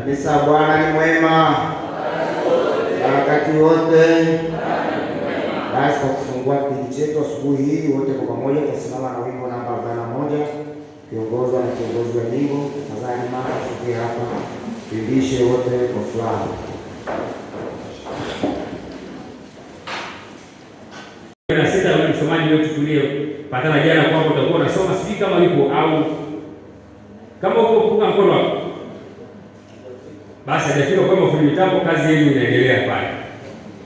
Kanisa, Bwana ni mwema wakati wote. Basi kwa kufungua kipindi chetu asubuhi hii, wote kwa pamoja tunasimama na wimbo namba arobaini na moja kiongozwa na kiongozi wa nyimbo Fadhali Mara, tukie hapa tuimbishe wote kwa furaha. na sita wewe msomaji wetu tutulie, patana jana kwamba utakuwa unasoma sisi kama yuko au kama uko punga mkono wako basi hajafika kwa mafundi mitambo, kazi yenu inaendelea pale.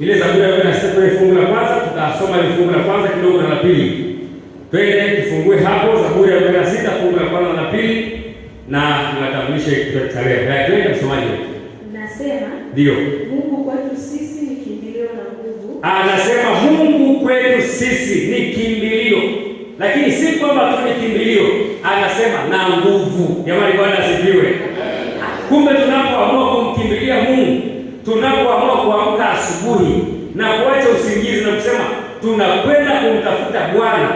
Ile Zaburi ya 46 fungu la kwanza tutasoma ile fungu la kwanza kidogo na la pili. Twende tufungue hapo Zaburi ya sita fungu la kwanza na la pili na tunatambulisha leo. Haya, twende msomaji. Nasema ndio. Mungu kwetu sisi ni kimbilio na nguvu. Anasema ah, Mungu kwetu sisi ni kimbilio. Lakini si kwamba tu ni kimbilio, anasema na nguvu. Jamani, Bwana asifiwe. Kumbe tunapoamua kumkimbilia Mungu, tunapoamua kuamka asubuhi na kuacha usingizi na kusema tunakwenda kumtafuta Bwana,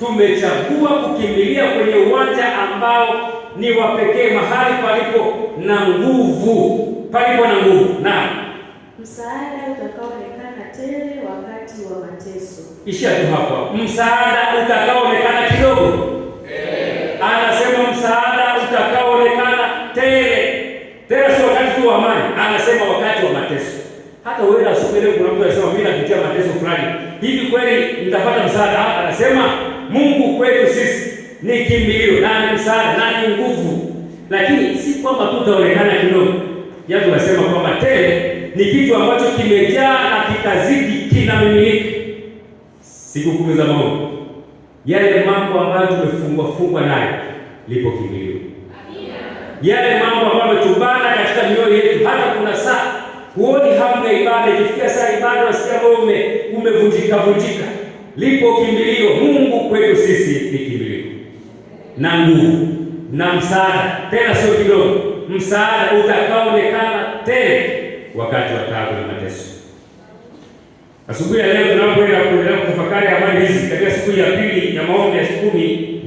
tumechagua kukimbilia kwenye uwanja ambao ni wa pekee, mahali palipo na nguvu, palipo na nguvu na msaada utakaoonekana tele wakati wa mateso. Isha tu hapo, msaada utakaoonekana kidogo, eh. anasema Hata wewe na unasoma ile kuna mtu anasema mimi napitia mateso fulani. Hivi kweli nitapata msaada hapa? Anasema Mungu kwetu sisi ni kimbilio na ni msaada na ni nguvu. Lakini si kwamba tu tutaonekana kidogo. Yaani unasema kwamba tele ni kitu ambacho kimejaa na kitazidi kinamiminika. Siku kumi za maombi. Yale mambo ambayo tumefungwa fungwa naye lipo kimbilio. Amina. Yale mambo ambayo tumechumbana katika mioyo yetu hata kuna saa huoni hamu ya ibada, ikifika saa ibada wasikia moyo ume, umevunjika vunjika. Lipo kimbilio. Mungu kwetu sisi ni kimbilio na nguvu na msaada, tena sio kidogo, msaada utakaoonekana tele wakati wa taabu na mateso. Asubuhi ya leo tunapoenda kuendelea kutafakari habari hizi katika siku ya pili ya maombi ya siku kumi,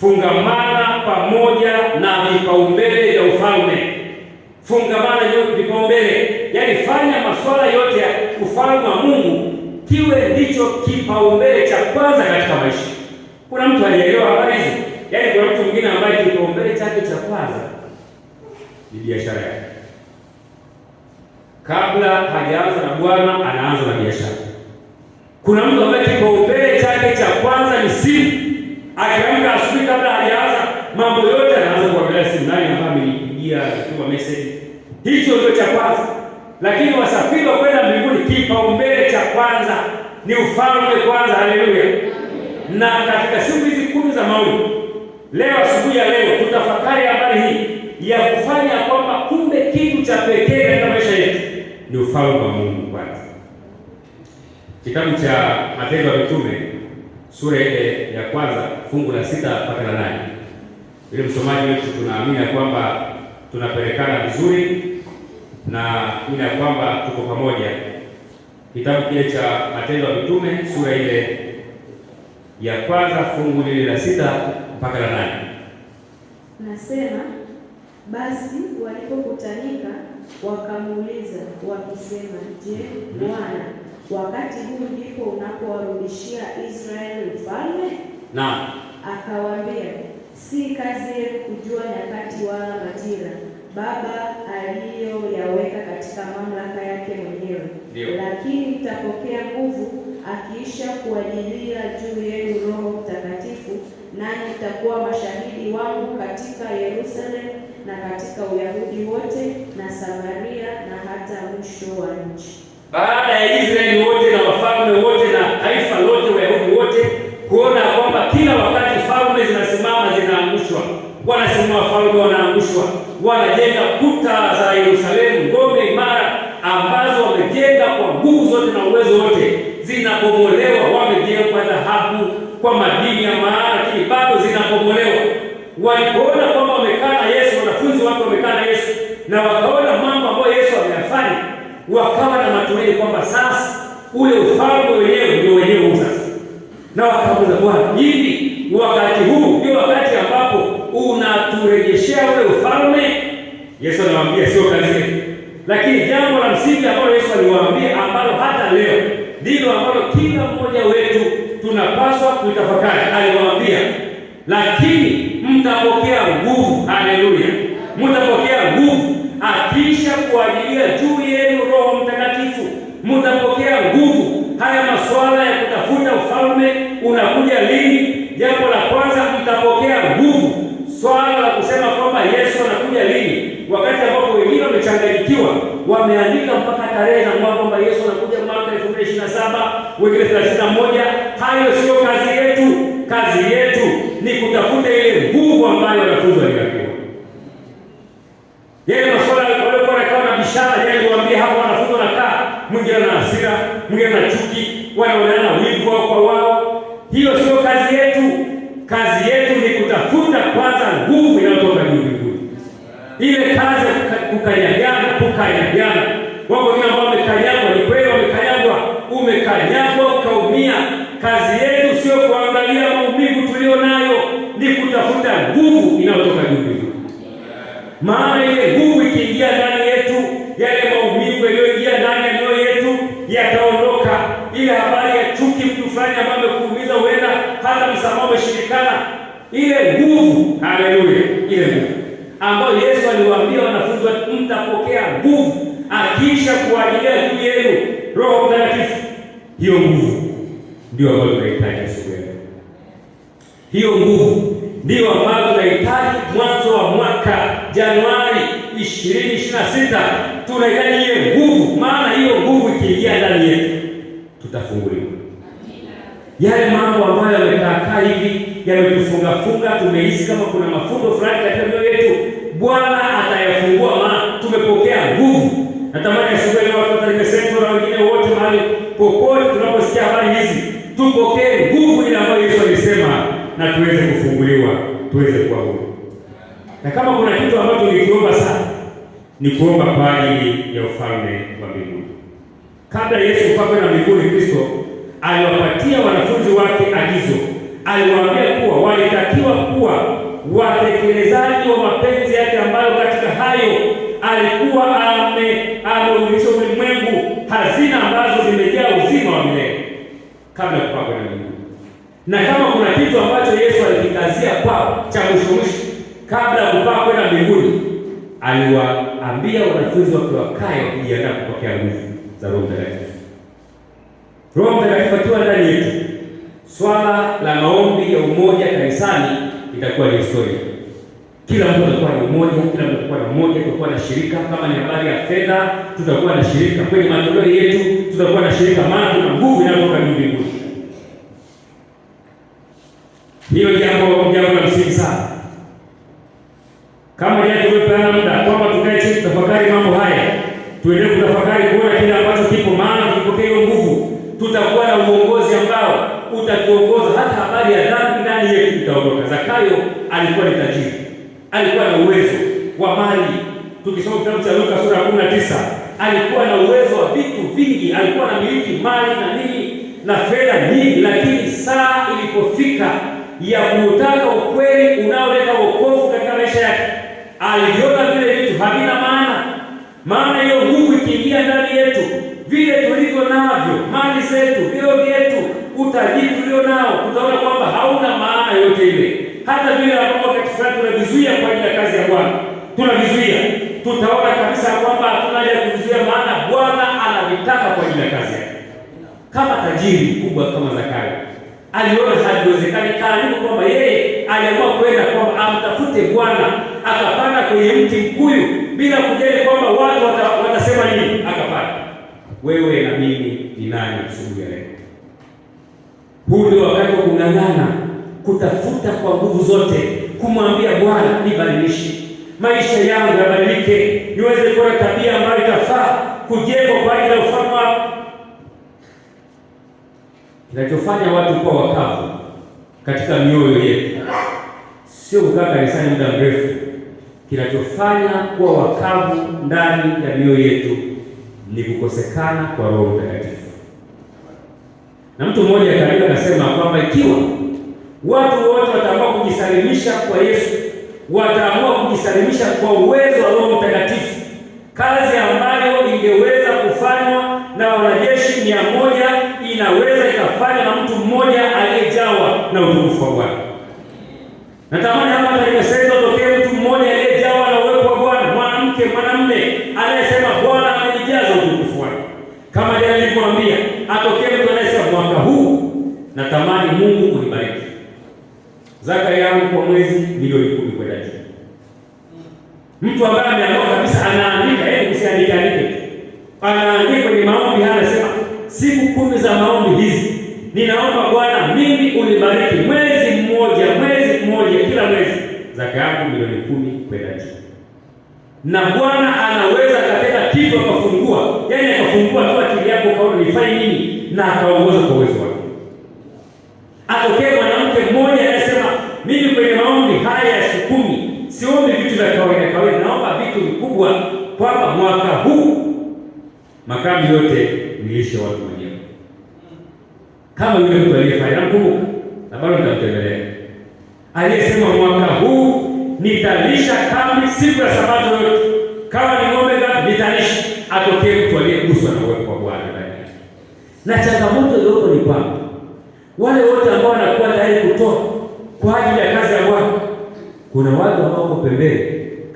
fungamana pamoja na vipaumbele vya ufalme. Fungamana vipaumbele yaani fanya masuala yote ya ufalme wa Mungu kiwe ndicho kipaumbele cha kwanza katika maisha. Kuna mtu alielewa habari hizi? Yaani kuna mtu mwingine ambaye kipaumbele chake cha kwanza ni biashara yake. Kabla hajaanza na Bwana, anaanza na biashara. Kuna mtu ambaye kipaumbele chake cha kwanza ni simu. Akiamka asubuhi, kabla hajaanza mambo yote, anaanza kuangalia simu, nani ambaye amenipigia, ametuma message. Hicho ndio cha kwanza. Lakini wasafiri wa kwenda mbinguni, kipaumbele cha kwanza ni ufalme kwanza. Haleluya! Na katika siku hizi kumi za maombi, leo asubuhi ya leo tutafakari habari hii ya kufanya kwamba kumbe kitu cha pekee katika maisha yetu ni ufalme wa Mungu kwanza. Kitabu cha Matendo ya Mitume sura ile ya kwanza fungu la sita mpaka la nane. Ile msomaji wetu tunaamini kwamba tunapelekana vizuri na ya kwamba tuko pamoja. Kitabu kile cha Matendo ya Mitume sura ile ya kwanza fungu lile la sita mpaka la nane nasema basi walipokutanika wakamuuliza wakisema, Je, Bwana, wakati huu ndipo unapowarudishia Israeli ufalme? Naam, akawaambia si kazi yenu kujua nyakati wala majira Baba aliyoyaweka katika mamlaka yake mwenyewe, lakini mtapokea nguvu akiisha kuajilia juu yenu Roho Mtakatifu, nanyi mtakuwa mashahidi wangu katika Yerusalemu na katika Uyahudi wote na Samaria na hata mwisho wa nchi. Baada ya Israeli wote na wafalme wote na taifa lote, Wayahudi wote kuona kwamba kila wakati falme zinasimama zinaangushwa, wanasema wafalme wanaangushwa wanajenga kuta za Yerusalemu, ngome imara ambazo wamejenga kwa nguvu zote na uwezo wote, zinabomolewa. kwa dhahabu kwa madini ya maana, lakini bado zinabomolewa. Walipoona kwamba wamekaa na Yesu, wanafunzi wake wamekaa na Yesu na wakaona mambo ambayo Yesu ameyafanya, wakawa na matumaini kwamba sasa ule ufalme wenyewe ndio wenyewe sasa, na wakamuza Bwana hivi, wakati huu ndio wakati ambapo unaturejeshea ule ufalme? Yesu anawaambia sio kazi, lakini jambo la msingi ambalo Yesu aliwaambia ambalo hata leo ndilo ambalo kila mmoja wetu tunapaswa kutafakari, aliwaambia lakini mtapokea nguvu. Haleluya, mtapokea nguvu ambayo wanafunzi walikakuwa. Yale masuala walikuwa wanakaa na bishara, yeye aliwaambia hapo wanafunzi wanakaa, mwingine na hasira, mwingine ana chuki, wanaonana wivu wao kwa wao. Hiyo sio kazi yetu. Kazi yetu ni kutafuta kwanza nguvu inayotoka juu mbinguni. Ile kazi kukanyagana, kukanyagana. Wako wengine ambao wamekanyagwa, ni kweli wamekanyagwa, umekanyagwa ukaumia, kazi maana ile nguvu ikiingia ndani yetu, yale maumivu yaliyoingia ndani ya mioyo yetu yataondoka. Ile habari ya chuki, mtu fulani ambaye amekuumiza, huenda hata msamaha umeshindikana. Ile nguvu, haleluya, ile nguvu ambayo Yesu aliwaambia wanafunzi, mtapokea nguvu akiisha kuajilia juu yenu Roho Mtakatifu. Hiyo nguvu ndio ambayo tunahitaji siku hiyo, nguvu ndio ambayo tunahitaji mwanzo wa Januari 2026 tunahitaji ile nguvu, maana hiyo nguvu ikiingia ndani yetu tutafunguliwa. Yale mambo ambayo yamekaakaa hivi yametufunga funga, tumehisi kama kuna mafundo fulani katika mioyo yetu, Bwana atayafungua, maana tumepokea nguvu. Natamani asubuhi leo watu katika sekta na wengine wote mahali popote tunaposikia habari hizi tupokee nguvu ile ambayo Yesu alisema na tuweze kufunguliwa, tuweze kuwa huru. Na kama kuna kitu ambacho nilikiomba sana, ni kuomba kwa ajili ya ufalme wa mbinguni. Kabla Yesu pape na mbinguni, Kristo aliwapatia wanafunzi wake agizo. Aliwaambia kuwa walitakiwa kuwa watekelezaji wa mapenzi yake ambayo katika hayo alikuwa ameulisha ulimwengu hazina ambazo zimejaa uzima wa milele kabla ya kupaa na mbinguni. Na kama kuna kitu ambacho Yesu alikikazia kwao cha mwisho mwisho kabla ya kupaa kwenda mbinguni, aliwaambia wanafunzi wake wakae kujiandaa kupokea nguvu za Roho Mtakatifu. Roho Mtakatifu akiwa ndani yetu, swala la maombi ya umoja kanisani itakuwa ni historia. Kila mtu atakuwa na umoja, kila mtu atakuwa na umoja, tutakuwa na shirika. Kama ni habari ya fedha, tutakuwa na shirika kwenye matoleo yetu, tutakuwa na shirika, maana tuna nguvu inayotoka mbinguni. Hiyo jambo jambo la msingi sana. Kama jaji wepeana muda kwamba tukae chini tafakari mambo haya, tuendelee kutafakari kuona kile ambacho kipo, maana tukipokea hiyo nguvu tutakuwa na uongozi ambao utatuongoza hata habari ya dhambi ndani yetu itaondoka. Zakayo alikuwa ni tajiri, alikuwa na uwezo wa mali. Tukisoma kitabu cha Luka sura ya kumi na tisa, alikuwa na uwezo wa vitu vingi, alikuwa na miliki mali na nini na fedha nyingi, lakini saa ilipofika ya kuutaka ukweli unaoleta wokovu katika maisha yake aliviona vile vitu havina maana. Maana hiyo nguvu ikiingia ndani yetu, vile tulivyo navyo, mali zetu, vio vyetu, utajiri tulio nao, utaona kwamba hauna maana yote ile. Hata vile ambavyo wakati fulani tunavizuia kwa ajili ya kazi ya Bwana, tunavizuia, tutaona kabisa kwamba hatuna haja ya kuvizuia, maana Bwana anavitaka kwa ajili ya kazi yake. Kama tajiri mkubwa kama Zakayo aliona haliwezekani, karibu kwamba yeye aliamua amtafute Bwana, akapanda kwenye mti mkuyu bila kujali kwamba watu watasema nini. Akapanda wewe na mimi ni nani asubuhi ya leo? Huu ndio wakati wa kung'ang'ana, kutafuta kwa nguvu zote, kumwambia Bwana, nibadilishe maisha yangu yabadilike, niweze kuwa tabia ambayo itafaa kujengwa kwa ajili ya ufalme wako. Kinachofanya watu kuwa wakavu katika mioyo yetu sio kukaa kanisani muda mrefu. Kinachofanya kuwa wakavu ndani ya mioyo yetu ni kukosekana kwa Roho Mtakatifu. Na mtu mmoja karibu anasema kwamba ikiwa watu wote wataamua kujisalimisha kwa Yesu, wataamua kujisalimisha kwa uwezo wa Roho Mtakatifu, kazi ambayo ingeweza kufanywa na wanajeshi mia moja inaweza ikafanywa na mtu mmoja aliyejawa na utukufu wa Bwana. ambao kabisa anaandika yeye msiandike. Anaandika kwenye maombi haya anasema siku kumi za maombi hizi ninaomba Bwana mimi unibariki mwezi mmoja mwezi mmoja kila mwezi zaka yangu milioni kumi kwenda juu. Na Bwana anaweza akatenda kitu akafungua, yaani akafungua tu akili yako ukaona nifanye nini na akaongoza kwa uwezo wake. Atokee mwanamke mmoja anasema mimi kwenye maombi haya ya siku kumi siombi vitu vya kawaida kawaida, naomba vitu vikubwa, kwamba mwaka huu makamu yote nilishe watu mwenyewe, kama yule mtu aliyefanya. Namkumbuka na bado nitamtembelea, aliyesema mwaka huu nitalisha kambi siku ya sabato yote, kama ni ng'ombe ngapi nitalisha. Atokee mtu aliyeguswa na uwepo wa Bwana ndani Na changamoto iliyoko ni kwamba wale wote ambao wanakuwa tayari kutoa kwa ajili ya kazi ya kuna watu ambao wako pembeni,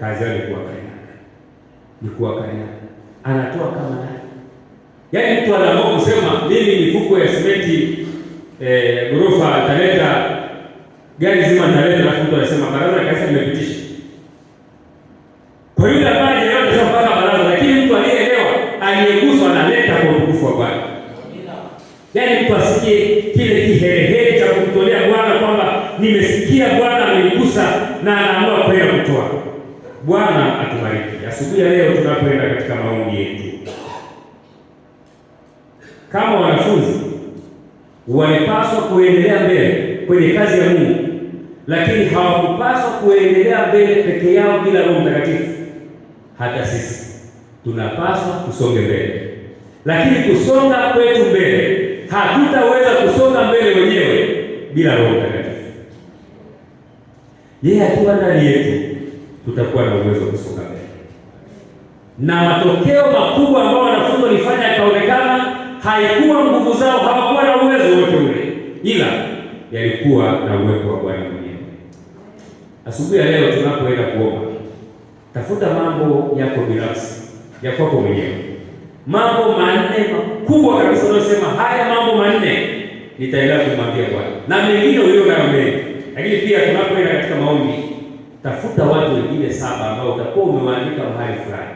kazi yao ni kuwakanyanga, ni kuwakanyanga, anatoa kama nani? Yaani mtu anaamua kusema mimi mifuko ya simenti eh, ghorofa nitaleta gari zima nitaleta, alafu mtu anasema baraza kazi imepitisha. Kwa yule ambaye leo anasema baraza, lakini mtu aliyeelewa, aliyeguswa analeta kwa utukufu wa Bwana. Yaani mtu asikie kile kiherehere cha kumtolea Bwana kwamba nimesikia Bwana amenigusa na anaamua kwenda kutoa. Bwana atubariki. Asubuhi ya leo tunapoenda katika maombi yetu, kama wanafunzi walipaswa kuendelea mbele kwenye kazi ya Mungu, lakini hawakupaswa kuendelea mbele peke yao bila Roho Mtakatifu. Hata sisi tunapaswa kusonge mbele, lakini kusonga kwetu mbele, hatutaweza kusonga mbele wenyewe bila Roho Mtakatifu yeye akiwa ndani yetu, tutakuwa na uwezo wa kusonga mbele, na matokeo makubwa ambao wanafunzi walifanya yakaonekana, haikuwa nguvu zao, hawakuwa na uwezo wote ule, ila yalikuwa na uwepo wa Bwana mwenyewe. Asubuhi ya leo tunapoenda kuomba, tafuta mambo yako binafsi ya kwako mwenyewe, mambo manne makubwa kabisa unayosema, haya mambo manne nitaendelea kumwambia Bwana, na mengine ulio nayo mengi lakini pia tunapoenda katika maombi, tafuta watu wengine saba ambao utakuwa umewaandika mahali fulani,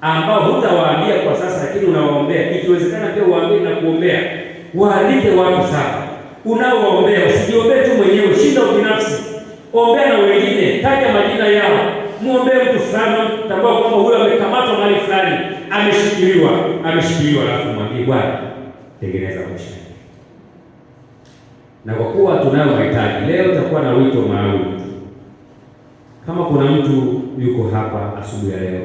ambao hutawaambia kwa sasa, lakini unawaombea. Ikiwezekana pia uwaambie na kuombea, waalike watu saba unaowaombea. Usijiombee tu mwenyewe, shinda ubinafsi, ombea na wengine, taja majina yao Mwombee mtu fulani, tambua kwamba huyo amekamatwa mahali fulani, ameshikiliwa, ameshikiliwa, alafu mwambie Bwana, tengeneza maisha na kwa kuwa tunayo mahitaji leo, tutakuwa na wito maalum. Kama kuna mtu yuko hapa asubuhi ya leo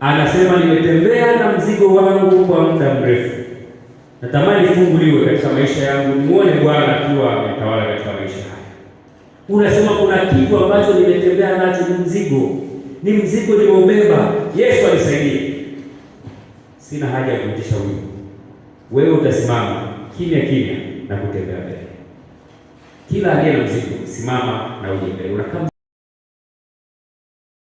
anasema, nimetembea na mzigo wangu kwa muda mrefu, natamani funguliwe katika maisha yangu, muone Bwana akiwa ametawala katika maisha haya. Unasema kuna kitu ambacho nimetembea nacho, ni mzigo, ni mzigo nimeubeba, Yesu anisaidie. Sina haja ya kuitisha wito, wewe utasimama kimya kimya na kutembea mbele. Kila aliye na mzigo simama na uje mbele.